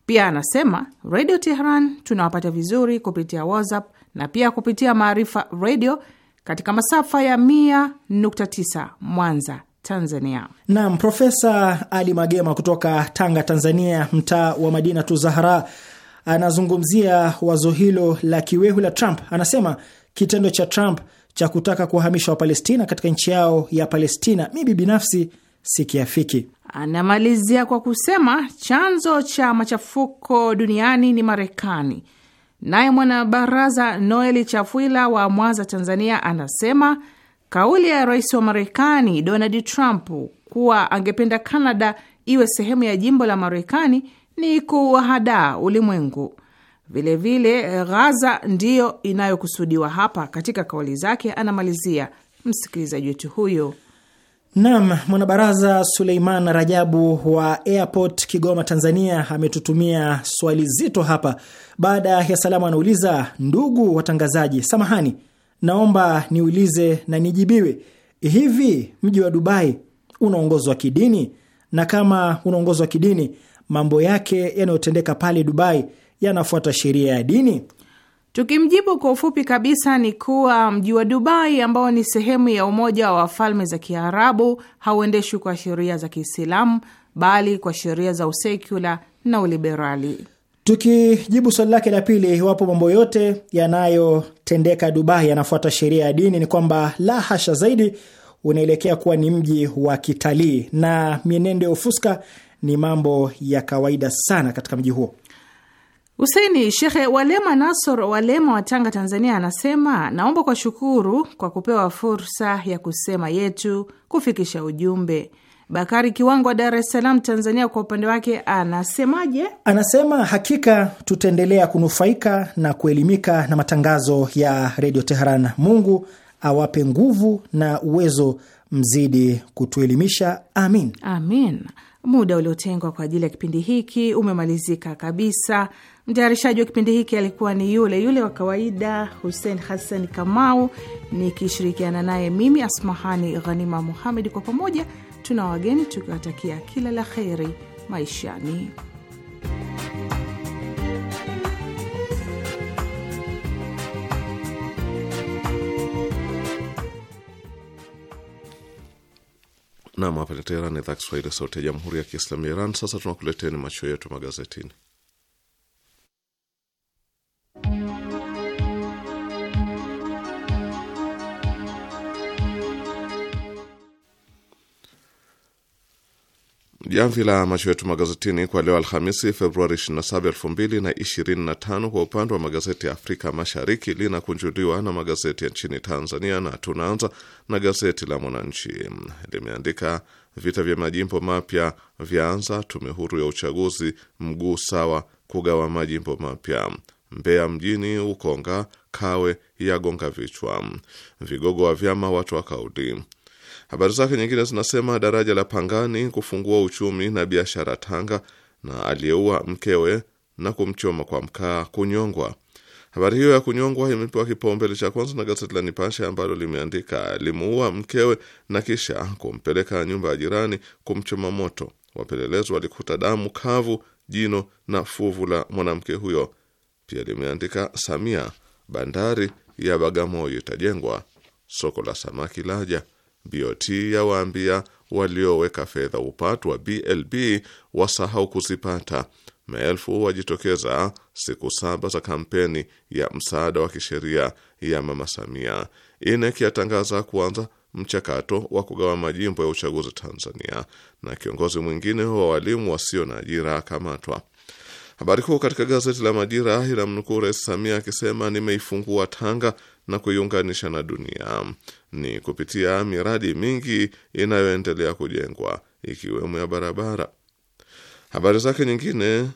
[SPEAKER 5] Pia anasema Radio Tehran tunawapata vizuri kupitia WhatsApp na pia kupitia Maarifa Radio katika masafa ya 100.9 Mwanza, Tanzania.
[SPEAKER 3] Naam, Profesa Ali Magema kutoka Tanga, Tanzania, mtaa wa Madina tu Zahara anazungumzia wazo hilo la kiwehu la Trump. Anasema kitendo cha Trump cha kutaka kuwahamisha Wapalestina katika nchi yao ya Palestina, mimi binafsi sikiafiki.
[SPEAKER 5] Anamalizia kwa kusema chanzo cha machafuko duniani ni Marekani. Naye mwanabaraza Noeli Chafuila wa Mwanza, Tanzania, anasema kauli ya rais wa Marekani Donald Trump kuwa angependa Kanada iwe sehemu ya jimbo la Marekani ni kuwahadaa ulimwengu. Vilevile, Ghaza ndiyo inayokusudiwa hapa katika kauli zake, anamalizia msikilizaji wetu huyo.
[SPEAKER 3] Nam, mwanabaraza Suleiman Rajabu wa Airport Kigoma, Tanzania, ametutumia swali zito hapa. Baada ya salamu, anauliza ndugu watangazaji, samahani, naomba niulize na nijibiwe, hivi mji wa Dubai unaongozwa kidini? Na kama unaongozwa kidini mambo yake yanayotendeka pale Dubai yanafuata sheria ya dini?
[SPEAKER 5] Tukimjibu kwa ufupi kabisa ni kuwa mji wa Dubai ambao ni sehemu ya Umoja wa Falme za Kiarabu hauendeshwi kwa sheria za Kiislamu bali kwa sheria za usekula na uliberali.
[SPEAKER 3] Tukijibu swali lake la pili, iwapo mambo yote yanayotendeka Dubai yanafuata sheria ya dini, ni kwamba la hasha, zaidi unaelekea kuwa ni mji wa kitalii na mienendo ya ufuska ni mambo ya kawaida sana katika mji huo.
[SPEAKER 5] Huseini Shekhe Walema Nasor Walema wa Tanga, Tanzania, anasema naomba kwa shukuru kwa kupewa fursa ya kusema yetu, kufikisha ujumbe. Bakari Kiwango wa Dar es Salaam, Tanzania, kwa upande wake anasemaje?
[SPEAKER 3] Anasema hakika tutaendelea kunufaika na kuelimika na matangazo ya Redio Teheran. Mungu awape nguvu na uwezo, mzidi kutuelimisha.
[SPEAKER 5] Amin, amin. Muda uliotengwa kwa ajili ya kipindi hiki umemalizika kabisa. Mtayarishaji wa kipindi hiki alikuwa ni yule yule wa kawaida, Hussein Hassan Kamau, nikishirikiana naye mimi Asmahani Ghanima Muhamedi. Kwa pamoja tuna wageni tukiwatakia kila la kheri maishani.
[SPEAKER 4] Nam, hapa ni Teherani, idhaa Kiswahili, sauti ya jamhuri ya kiislamu ya Iran. Sasa tunakuleteni macho yetu magazetini. Jamvi la macho yetu magazetini kwa leo Alhamisi, Februari 27, 2025, kwa upande wa magazeti ya Afrika Mashariki linakunjuliwa na magazeti ya nchini Tanzania, na tunaanza na gazeti la Mwananchi. Limeandika vita vya majimbo mapya vyaanza, tume huru ya uchaguzi mguu sawa kugawa majimbo mapya, Mbeya mjini, Ukonga, Kawe yagonga vichwa, vigogo wa vyama watu wa kauli Habari zake nyingine zinasema daraja la Pangani kufungua uchumi na biashara Tanga, na aliyeua mkewe na kumchoma kwa mkaa kunyongwa. Habari hiyo ya kunyongwa imepewa kipaumbele cha kwanza na gazeti la Nipashe ambalo limeandika limuua mkewe na kisha kumpeleka nyumba ya jirani kumchoma moto. Wapelelezi walikuta damu kavu, jino na fuvu la mwanamke huyo. Pia limeandika Samia, bandari ya Bagamoyo itajengwa, soko la samaki laja. BOT yawaambia walioweka fedha upatu wa BLB wasahau kuzipata. Maelfu wajitokeza siku saba za kampeni ya msaada wa kisheria ya Mama Samia. INEC yatangaza kuanza mchakato wa kugawa majimbo ya uchaguzi Tanzania, na kiongozi mwingine wa walimu wasio na ajira akamatwa. Habari kuu katika gazeti la Majira inamnukuu Rais Samia akisema, nimeifungua Tanga na kuiunganisha na dunia ni kupitia miradi mingi inayoendelea kujengwa ikiwemo ya barabara. Habari zake nyingine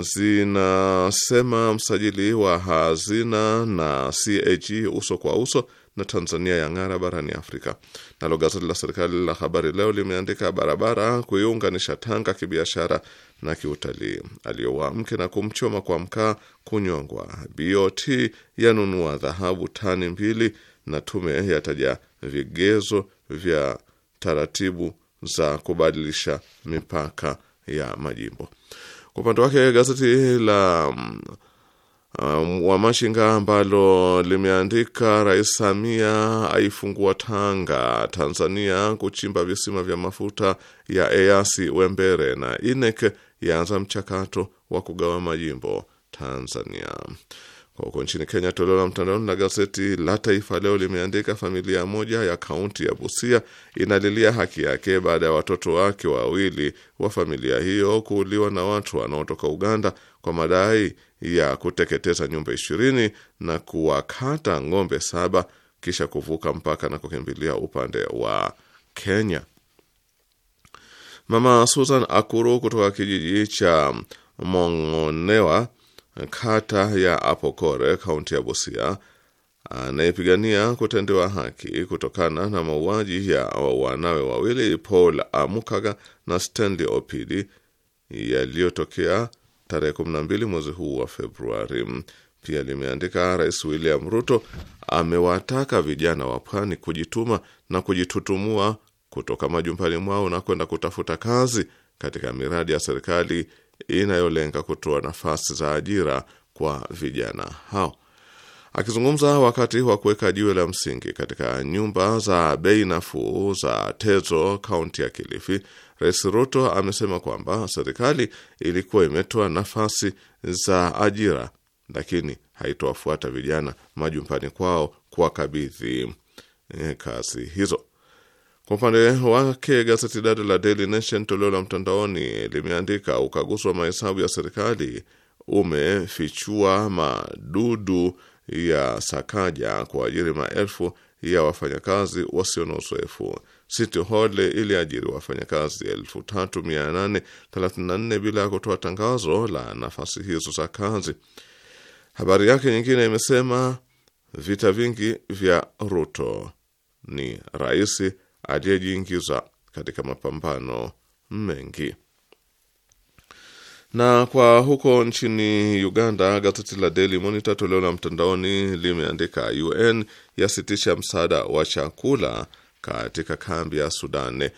[SPEAKER 4] zinasema msajili wa hazina na CAG e uso kwa uso na Tanzania ya ng'ara barani Afrika. Nalo gazeti la serikali la Habari Leo limeandika barabara kuiunganisha Tanga kibiashara na kiutalii, aliyowa mke na kumchoma kwa mkaa kunyongwa. BOT yanunua dhahabu tani mbili na tume yataja vigezo vya taratibu za kubadilisha mipaka ya majimbo. Kwa upande wake gazeti la um, uh, Wamachinga ambalo limeandika Rais Samia aifungua Tanga, Tanzania kuchimba visima vya mafuta ya easi Wembere, na INEC yaanza mchakato wa kugawa majimbo Tanzania. Kwa huko nchini Kenya, toleo la mtandaoni la gazeti la Taifa Leo limeandika familia moja ya kaunti ya Busia inalilia haki yake baada ya watoto wake wawili wa familia hiyo kuuliwa na watu wanaotoka Uganda kwa madai ya kuteketeza nyumba ishirini na kuwakata ng'ombe saba kisha kuvuka mpaka na kukimbilia upande wa Kenya. Mama Susan Akuru kutoka kijiji cha Mongonewa kata ya Apokore, kaunti ya Busia, anayepigania kutendewa haki kutokana na mauaji ya wanawe wawili Paul Amukaga na Stanley Opidi yaliyotokea tarehe 12 mwezi huu wa Februari. Pia limeandika Rais William Ruto amewataka vijana wa pwani kujituma na kujitutumua kutoka majumbani mwao na kwenda kutafuta kazi katika miradi ya serikali inayolenga kutoa nafasi za ajira kwa vijana hao. Akizungumza wakati wa kuweka jiwe la msingi katika nyumba za bei nafuu za Tezo, kaunti ya Kilifi, Rais Ruto amesema kwamba serikali ilikuwa imetoa nafasi za ajira, lakini haitowafuata vijana majumbani kwao kuwakabidhi eh, kazi hizo. Kwa upande wake gazeti dada la Daily Nation toleo la mtandaoni limeandika ukaguzi wa mahesabu ya serikali umefichua madudu ya Sakaja kuajiri maelfu ya wafanyakazi wasio na uzoefu. City Hall iliajiri wafanyakazi 3834 bila ya kutoa tangazo la nafasi hizo za kazi. Habari yake nyingine imesema vita vingi vya Ruto ni raisi aliyejiingiza katika mapambano mengi. Na kwa huko nchini Uganda, gazeti la Daily Monitor toleo la mtandaoni limeandika UN yasitisha msaada wa chakula katika kambi ya Sudan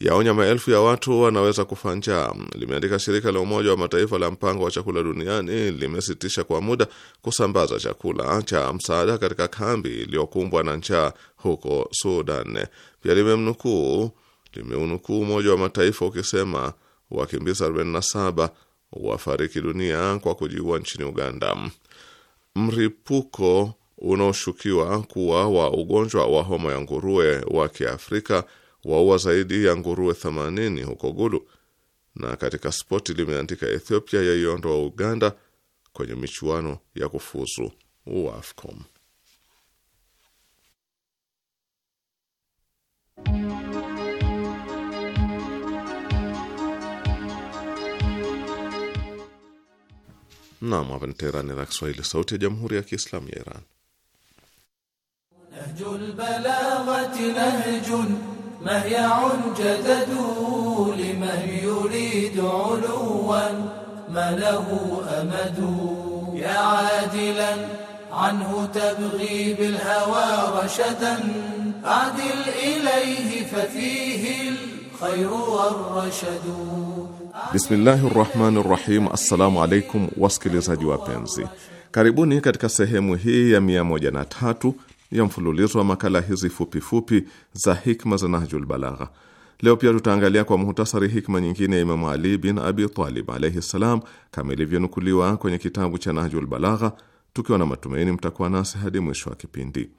[SPEAKER 4] yaonya maelfu ya watu wanaweza kufa njaa, limeandika shirika la Umoja wa Mataifa la mpango wa chakula duniani limesitisha kwa muda kusambaza chakula cha msaada katika kambi iliyokumbwa na njaa huko Sudan. Pia limemnukuu limeunukuu Umoja wa Mataifa ukisema wakimbizi 47 wafariki dunia kwa kujiua nchini Uganda. Mripuko unaoshukiwa kuwa wa ugonjwa wa homa ya nguruwe wa Kiafrika waua zaidi ya nguruwe 80 huko Gulu. Na katika spoti limeandika Ethiopia yaiondoa Uganda kwenye michuano ya kufuzu AFCON. Naam, hapa ni Teherani, idhaa Kiswahili, sauti ya jamhuri ya kiislamu ya Iran.
[SPEAKER 2] مهيع جدد لمن يريد علوا ما له أمد يا عادلا عنه تبغي بالهوى رشدا أعدل إليه ففيه الخير والرشد
[SPEAKER 4] Bismillahi rrahmani rrahim. Assalamu alaikum wasikilizaji wapenzi, karibuni katika sehemu hii ya mia moja na tatu ya mfululizo wa makala hizi fupifupi fupi za hikma za Nahjul Balagha. Leo pia tutaangalia kwa muhtasari hikma nyingine ya Imamu Ali bin Abi Talib alaihi ssalam, kama ilivyonukuliwa kwenye kitabu cha Nahjul Balagha, tukiwa na matumaini mtakuwa nasi hadi mwisho wa kipindi.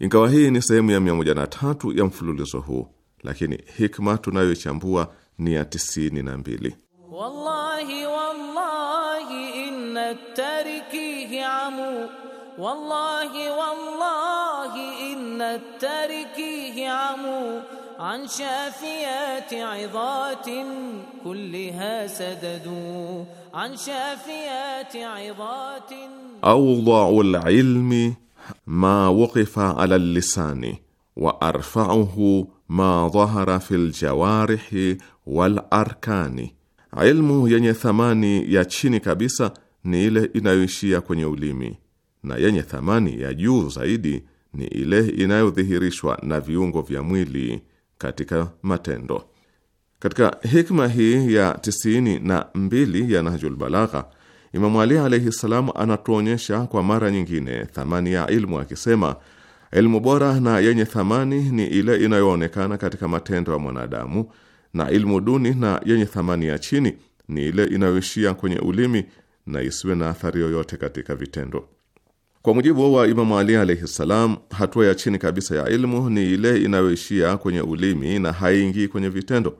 [SPEAKER 4] Ingawa hii ni sehemu ya 103 ya mfululizo huu, lakini hikma tunayoichambua ni ya 92.
[SPEAKER 2] Wallahi wallahi inna tarikihi amu والله والله إن التاركيه عمو عن شافيات عظات كلها سددوا عن شافيات عظات
[SPEAKER 4] أوضع العلم ما وقف على اللسان وأرفعه ما ظهر في الجوارح والأركان. علم ينثماني thamani chini kabisa ni ile inayoishia kwenye ulimi. na yenye thamani ya juu zaidi ni ile inayodhihirishwa na viungo vya mwili katika matendo. Katika hikma hii ya tisini na mbili ya Nahjul Balagha, Imamu Ali alaihi ssalam anatuonyesha kwa mara nyingine thamani ya ilmu akisema, ilmu bora na yenye thamani ni ile inayoonekana katika matendo ya mwanadamu, na ilmu duni na yenye thamani ya chini ni ile inayoishia kwenye ulimi na isiwe na athari yoyote katika vitendo. Kwa mujibu wa Imamu Ali alaihi ssalam, hatua ya chini kabisa ya ilmu ni ile inayoishia kwenye ulimi na haingii kwenye vitendo.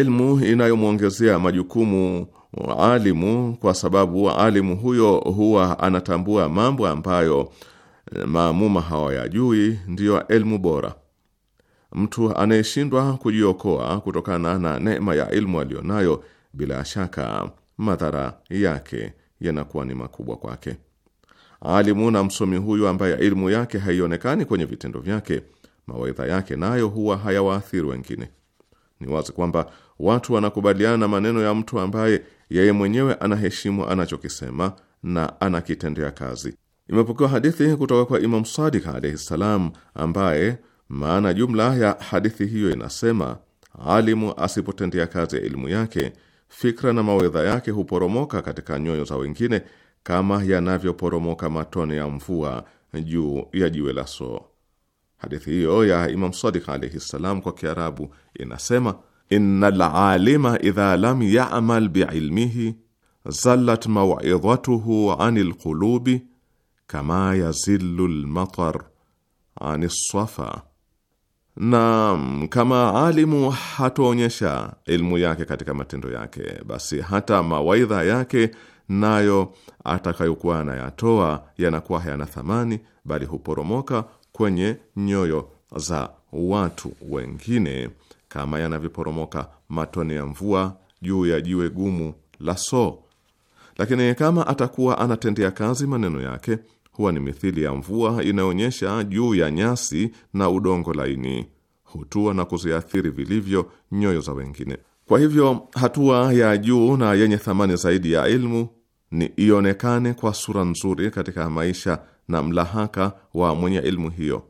[SPEAKER 4] Ilmu inayomwongezea majukumu alimu, kwa sababu alimu huyo huwa anatambua mambo ambayo maamuma hawayajui, ndiyo ilmu bora. Mtu anayeshindwa kujiokoa kutokana na neema ya ilmu aliyonayo, bila shaka madhara yake yanakuwa ni makubwa kwake. Alimu na msomi huyu ambaye ilmu yake haionekani kwenye vitendo vyake, mawaidha yake nayo huwa hayawaathiri wengine. Ni wazi kwamba watu wanakubaliana na maneno ya mtu ambaye yeye mwenyewe anaheshimu anachokisema na anakitendea kazi. Imepokewa hadithi kutoka kwa Imam Sadik alaihi ssalam, ambaye maana jumla ya hadithi hiyo inasema, alimu asipotendea kazi ya elimu yake, fikra na mawaidha yake huporomoka katika nyoyo za wengine kama yanavyoporomoka matone ya mvua juu ya jiwe la soo. Hadithi hiyo ya Imam Sadiq alaihi ssalam kwa Kiarabu inasema innal lalima idha lam ya'mal biilmihi zallat maw'idhatuhu an lqulubi kama yazillu lmatar an lswafa na kama alimu hatoonyesha ilmu yake katika matendo yake, basi hata mawaidha yake nayo atakayokuwa anayatoa yanakuwa hayana thamani, bali huporomoka kwenye nyoyo za watu wengine kama yanavyoporomoka matone ya mvua juu ya jiwe gumu la soo. Lakini kama atakuwa anatendea kazi maneno yake, huwa ni mithili ya mvua inayoonyesha juu ya nyasi na udongo laini, hutua na kuziathiri vilivyo nyoyo za wengine. Kwa hivyo hatua ya juu na yenye thamani zaidi ya ilmu ni ionekane kwa sura nzuri katika maisha na mlahaka wa mwenye ilmu hiyo.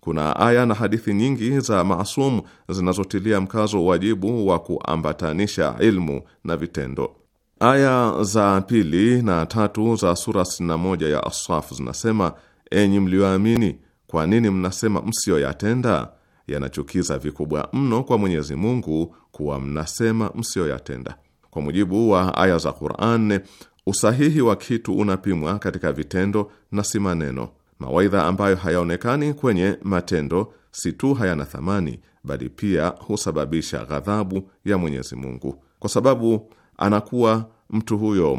[SPEAKER 4] Kuna aya na hadithi nyingi za maasum zinazotilia mkazo wajibu wa kuambatanisha ilmu na vitendo. Aya za pili na tatu za sura 61 ya Asaf zinasema: enyi mlioamini, kwa nini mnasema msiyoyatenda? Yanachukiza vikubwa mno kwa Mwenyezi Mungu kuwa mnasema msiyoyatenda. Kwa mujibu wa aya za Qur'an, Usahihi wa kitu unapimwa katika vitendo na si maneno. Mawaidha ambayo hayaonekani kwenye matendo si tu hayana thamani, bali pia husababisha ghadhabu ya Mwenyezi Mungu, kwa sababu anakuwa mtu huyo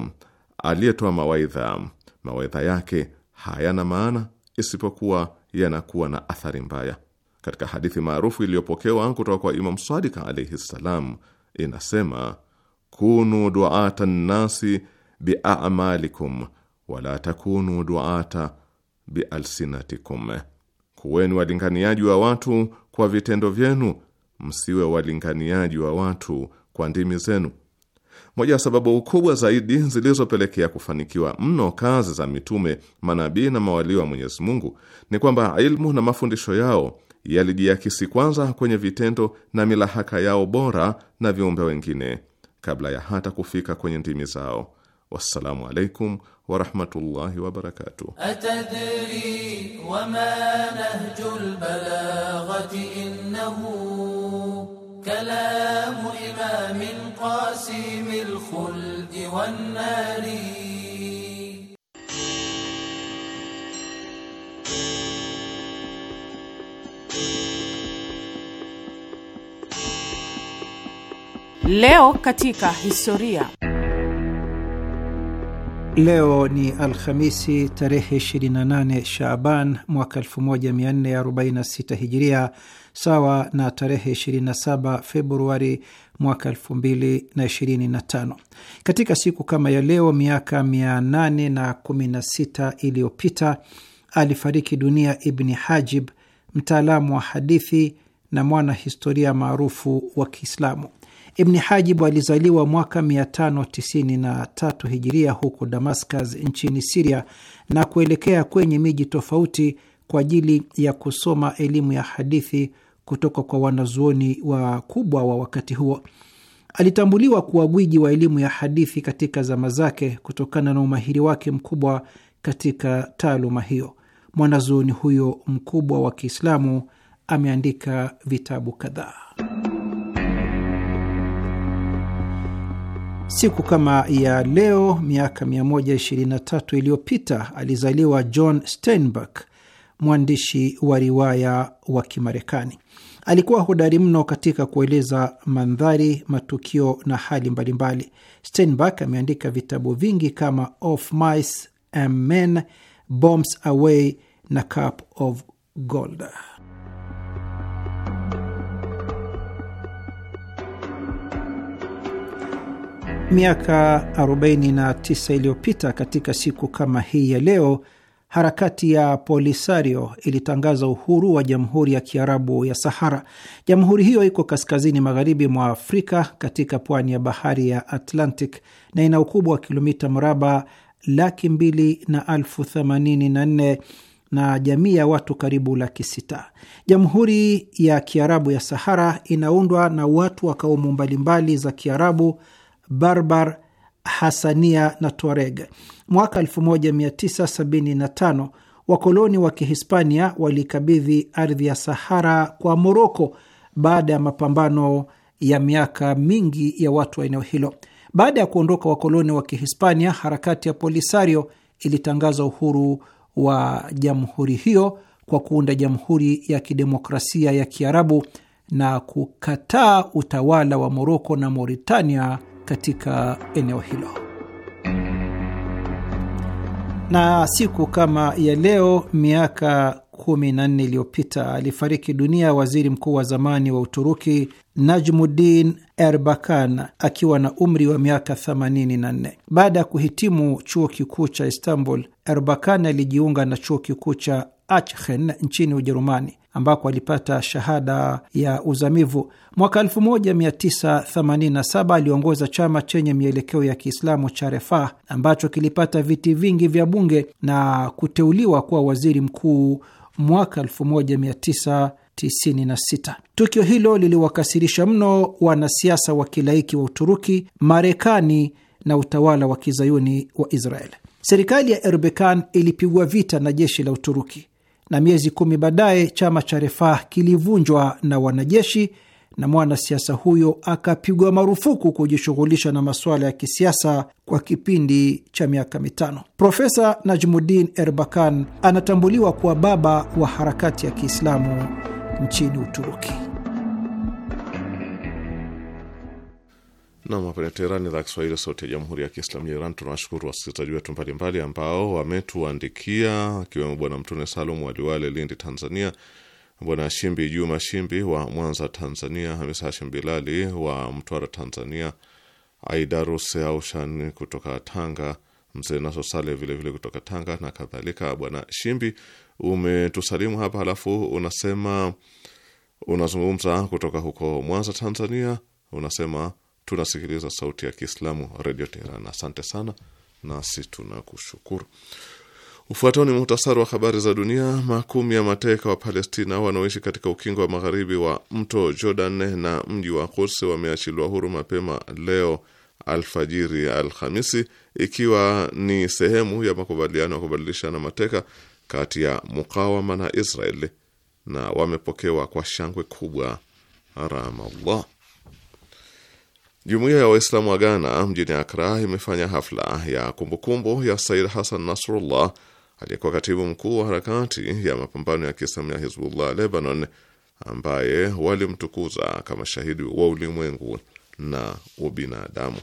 [SPEAKER 4] aliyetoa mawaidha, mawaidha yake hayana maana, isipokuwa yanakuwa na athari mbaya. Katika hadithi maarufu iliyopokewa kutoka kwa Imam Sadiq alaihi ssalam, inasema kunu duata nnasi biamalikum wala takunu duata bialsinatikum, kuweni walinganiaji wa watu kwa vitendo vyenu, msiwe walinganiaji wa watu kwa ndimi zenu. Moja ya sababu kubwa zaidi zilizopelekea kufanikiwa mno kazi za mitume, manabii na mawalii wa Mwenyezi Mungu ni kwamba ilmu na mafundisho yao yalijiakisi kwanza kwenye vitendo na milahaka yao bora na viumbe wengine kabla ya hata kufika kwenye ndimi zao. Wassalamu alaikum warahmatullahi wabarakatuh.
[SPEAKER 2] Atadri wama nahjul balaghati innahu kalamu imamin qasimil khuldi wan nari
[SPEAKER 5] Leo katika historia
[SPEAKER 6] Leo ni Alhamisi tarehe 28 Shaaban mwaka 1446 Hijiria, sawa na tarehe 27 Februari mwaka 2025. Katika siku kama ya leo miaka 816 iliyopita alifariki dunia Ibni Hajib, mtaalamu wa hadithi na mwana historia maarufu wa Kiislamu. Ibni Hajibu alizaliwa mwaka 593 hijiria huko Damascus nchini Siria na kuelekea kwenye miji tofauti kwa ajili ya kusoma elimu ya hadithi kutoka kwa wanazuoni wakubwa wa wakati huo. Alitambuliwa kuwa gwiji wa elimu ya hadithi katika zama zake kutokana na umahiri wake mkubwa katika taaluma hiyo. Mwanazuoni huyo mkubwa wa Kiislamu ameandika vitabu kadhaa. Siku kama ya leo miaka 123 iliyopita alizaliwa John Steinbeck, mwandishi wa riwaya wa Kimarekani. Alikuwa hodari mno katika kueleza mandhari, matukio na hali mbalimbali. Steinbeck ameandika vitabu vingi kama Of Mice and Men, Bombs Away na Cup of Gold. Miaka 49 iliyopita katika siku kama hii ya leo, harakati ya Polisario ilitangaza uhuru wa Jamhuri ya Kiarabu ya Sahara. Jamhuri hiyo iko kaskazini magharibi mwa Afrika katika pwani ya bahari ya Atlantic na ina ukubwa wa kilomita mraba laki mbili na elfu themanini na nne na jamii ya watu karibu laki sita. Jamhuri ya Kiarabu ya Sahara inaundwa na watu wa kaumu mbalimbali za Kiarabu Barbar, Hasania na Tuareg. Mwaka 1975 wakoloni wa Kihispania walikabidhi ardhi ya Sahara kwa Moroko baada ya mapambano ya miaka mingi ya watu wa eneo hilo. Baada ya kuondoka wakoloni wa Kihispania, harakati ya Polisario ilitangaza uhuru wa jamhuri hiyo kwa kuunda Jamhuri ya Kidemokrasia ya Kiarabu na kukataa utawala wa Moroko na Mauritania katika eneo hilo. Na siku kama ya leo miaka kumi na nne iliyopita alifariki dunia waziri mkuu wa zamani wa Uturuki Najmuddin Erbakan akiwa na umri wa miaka 84. Baada ya kuhitimu chuo kikuu cha Istanbul, Erbakan alijiunga na chuo kikuu cha Aachen nchini Ujerumani ambako alipata shahada ya uzamivu. Mwaka 1987 aliongoza chama chenye mielekeo ya Kiislamu cha Refah ambacho kilipata viti vingi vya bunge na kuteuliwa kuwa waziri mkuu mwaka 1996. Tukio hilo liliwakasirisha mno wanasiasa wa kilaiki wa Uturuki, Marekani na utawala wa kizayuni wa Israel. Serikali ya Erbekan ilipigwa vita na jeshi la Uturuki na miezi kumi baadaye chama cha Refah kilivunjwa na wanajeshi na mwanasiasa huyo akapigwa marufuku kujishughulisha na masuala ya kisiasa kwa kipindi cha miaka mitano. Profesa najmudin Erbakan anatambuliwa kuwa baba wa harakati ya Kiislamu nchini Uturuki.
[SPEAKER 4] Nam, hapa ni Teherani, idhaa Kiswahili, sauti ya jamhuri ya kiislamu ya Iran. Tunawashukuru wasikilizaji wetu mbalimbali ambao wametuandikia, akiwemo Bwana Mtune Salum Waliwale, Lindi, Tanzania, Bwana Shimbi Juma Shimbi wa Mwanza, Tanzania, Hamis Hashim Bilali wa Mtwara, Tanzania, Aidarus Aushan kutoka Tanga, Mzee Naso Sale vilevile vile kutoka Tanga na kadhalika. Bwana Shimbi, umetusalimu hapa, halafu unasema unazungumza kutoka huko Mwanza, Tanzania, unasema tunasikiliza Sauti ya Kiislamu Redio Teheran. Asante sana, nasi tunakushukuru. Ufuatao ni muhtasari wa habari za dunia. Makumi ya mateka wa Palestina wanaoishi katika ukingo wa magharibi wa mto Jordan na mji wa Quds wameachiliwa huru mapema leo alfajiri ya Alhamisi, ikiwa ni sehemu ya makubaliano ya kubadilishana mateka kati ya mukawama na Israeli, na wamepokewa kwa shangwe kubwa Rahmallah. Jumuiya ya Waislamu wa Ghana mjini Akra imefanya hafla ya kumbukumbu kumbu ya Said Hassan Nasrullah aliyekuwa katibu mkuu wa harakati ya mapambano ya Kiislamu ya Hizbullah Lebanon, ambaye walimtukuza kama shahidi wa ulimwengu na ubinadamu.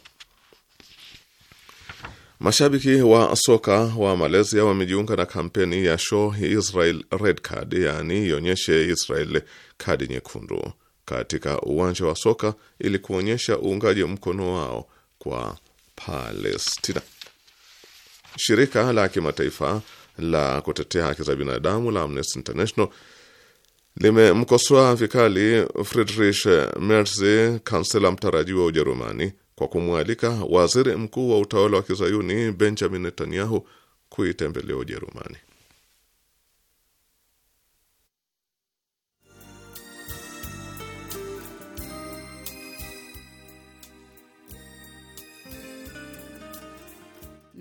[SPEAKER 4] Mashabiki wa soka wa Malaysia wamejiunga na kampeni ya show Israel Red Card, yaani ionyeshe Israel kadi nyekundu katika uwanja wa soka ili kuonyesha uungaji mkono wao kwa Palestina. Shirika la kimataifa la kutetea haki za binadamu la Amnesty International limemkosoa vikali Friedrich Merz, kansela mtarajiwa wa Ujerumani, kwa kumwalika waziri mkuu wa utawala wa kizayuni Benjamin Netanyahu kuitembelea Ujerumani.